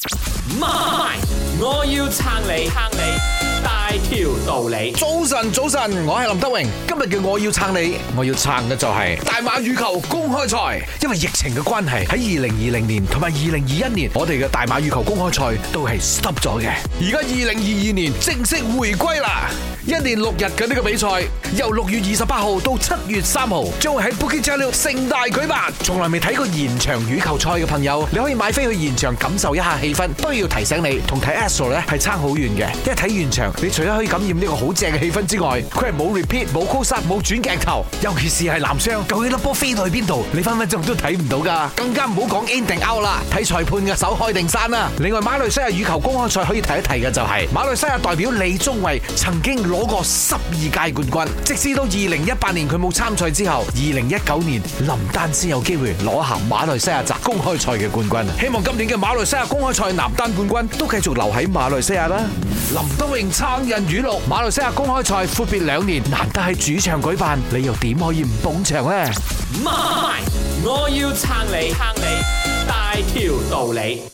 媽咪 My.，我要撐你，撐你大條道理。早晨，早晨，我係林德榮。今日嘅我要撐你，我要撐嘅就係大馬羽球公開賽。因為疫情嘅關係，喺二零二零年同埋二零二一年，我哋嘅大馬羽球公開賽都係 stop 咗嘅。而家二零二二年正式回歸啦。一年六日嘅呢個比賽，由六月二十八號到七月三號，將會喺 Bukit Jalil 盛大舉辦。從來未睇過現場羽球賽嘅朋友，你可以買飛去現場感受一下氣氛。都要提醒你，同睇 ASL 咧係差好遠嘅。一睇現場，你除咗可以感染呢個好正嘅氣氛之外，佢係冇 repeat、冇 close up、冇轉鏡頭。尤其是係男雙，究竟粒波飛到去邊度，你分分鐘都睇唔到噶。更加唔好講 ending out 啦，睇裁判嘅手開定閂啦。另外，馬來西亞羽球公開賽可以提一提嘅就係馬來西亞代表李宗偉曾經。攞過十二屆冠軍，即使到二零一八年佢冇參賽之後，二零一九年林丹先有機會攞下馬來西亞集公開賽嘅冠軍。希望今年嘅馬來西亞公開賽男單冠軍都繼續留喺馬來西亞啦。林德榮撐印語錄：馬來西亞公開賽闊別兩年，難得喺主場舉辦，你又點可以唔捧場呢？My，我要撐你，撐你大條道理。